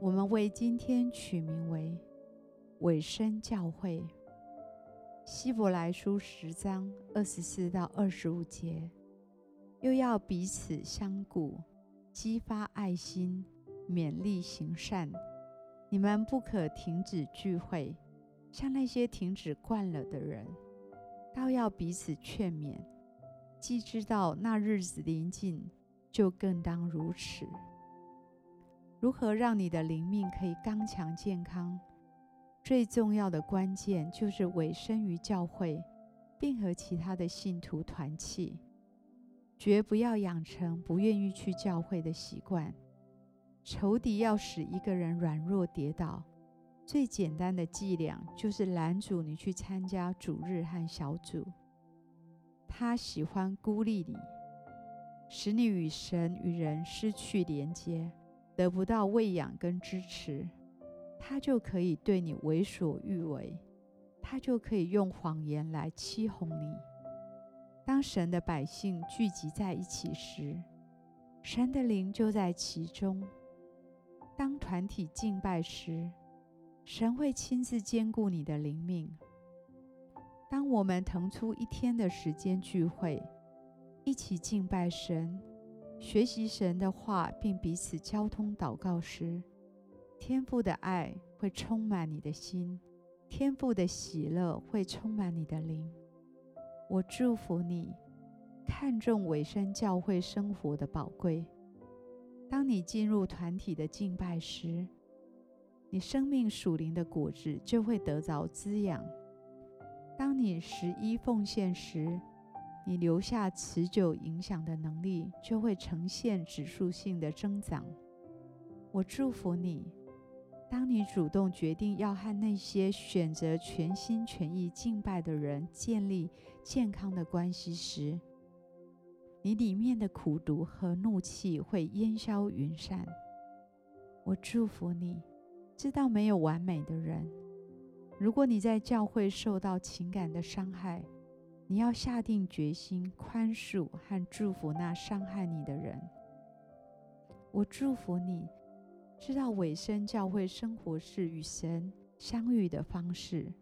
我們為今天取名為“委身教會”。希伯來書十章二十四到二十五節，又要彼此相顧，激發愛心，勉勵行善。你們不可停止聚會，像那些停止慣了的人，倒要彼此勸勉。既知道那日子臨近，就更當如此。如何讓你的靈命可以剛強健康？最重要的關鍵就是委身於教會，並和其他的信徒團契。絕不要養成不願意去教會的習慣。仇敵要使一個人軟弱跌倒，最簡單的伎倆就是攔阻你去參加主日和小組。他喜歡孤立你，使你與神與人失去連接。得不到餵養跟支持，他就可以對你為所欲為，他就可以用謊言來欺哄你。當神的百姓聚集在一起時，神的靈就在其中。當團體敬拜時，神會親自兼顧你的靈命。當我們騰出一天的時間聚會，一起敬拜神。學習神的話，並彼此交通禱告時，天父的愛會充滿你的心，天父的喜樂會充滿你的靈。我祝福你，看重委身教會生活的寶貴。當你進入團體的敬拜時，你生命屬靈的果子就會得着滋養。當你十一奉獻時，你留下持久影響的能力就會呈現指數性的增長。我祝福你，當你主動決定要和那些選擇全心全意敬拜的人建立健康的關係時，你裡面的苦毒和怒氣會煙消雲散。我祝福你，知道沒有完美的人。如果你在教會受到情感的傷害，你要下定決心，寬恕和祝福那傷害你的人。我祝福你，知道委身教會生活是與神相遇的方式，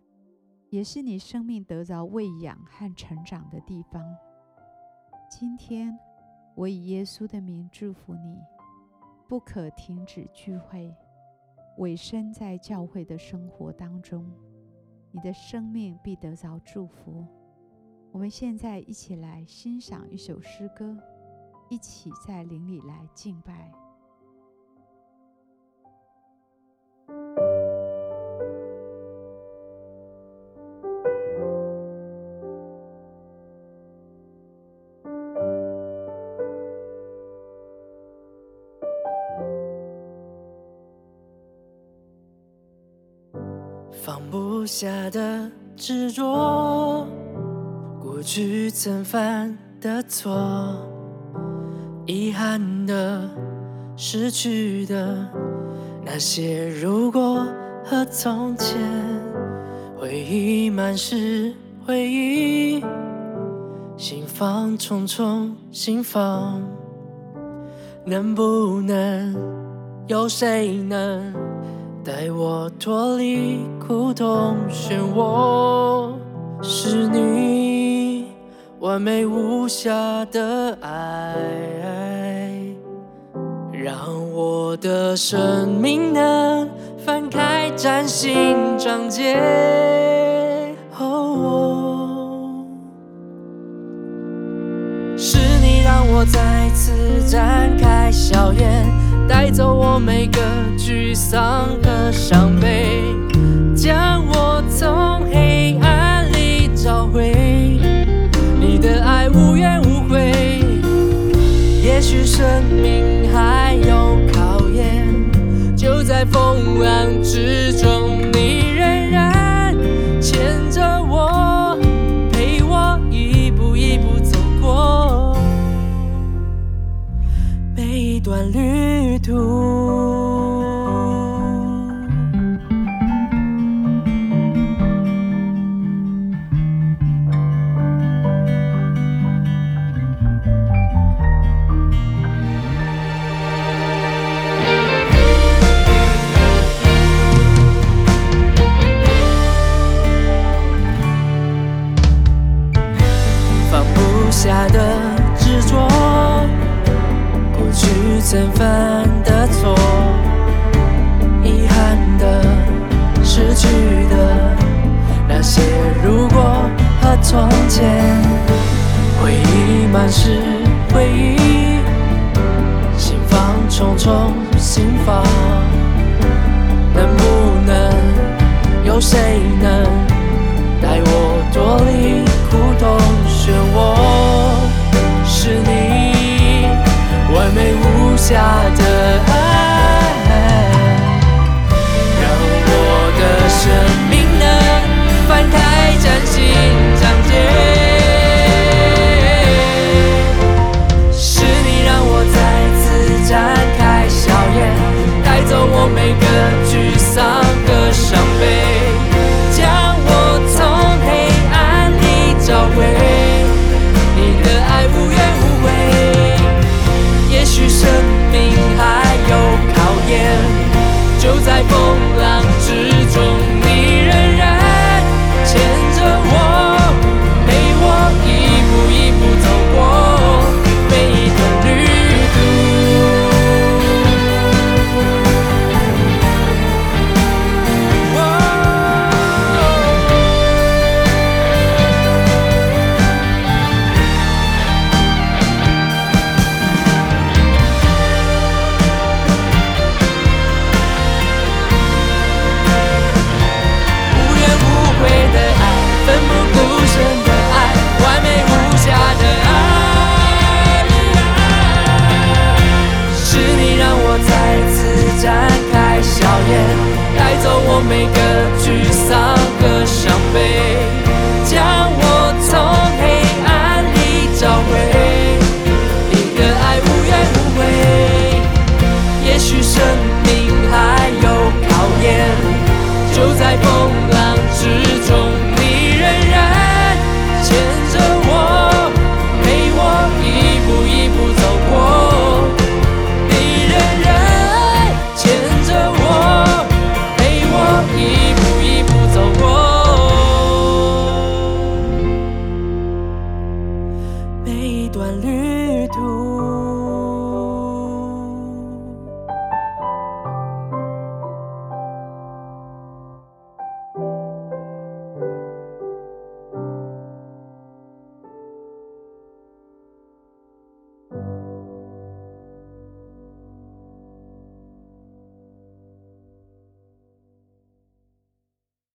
也是你生命得着餵養和成長的地方。今天，我以耶穌的名祝福你，不可停止聚會。委身在教會的生活當中，你的生命必得着祝福。我們現在一起來欣賞一首詩歌，一起在靈裡來敬拜。放不下的執着。過去曾犯的錯，遺憾的、失去的，那些如果和從前，回憶滿是回憶，心房重重，心房，能不能有誰能帶我脫離苦痛漩渦？是你。完美無瑕的愛，讓我的生命能翻開嶄新章節。是你讓我再次展開笑顏，帶走我每個沮喪和傷悲。生命。曾犯的錯，遺憾的、失去的，那些如果和從前，回憶滿是。還有考驗，就在風。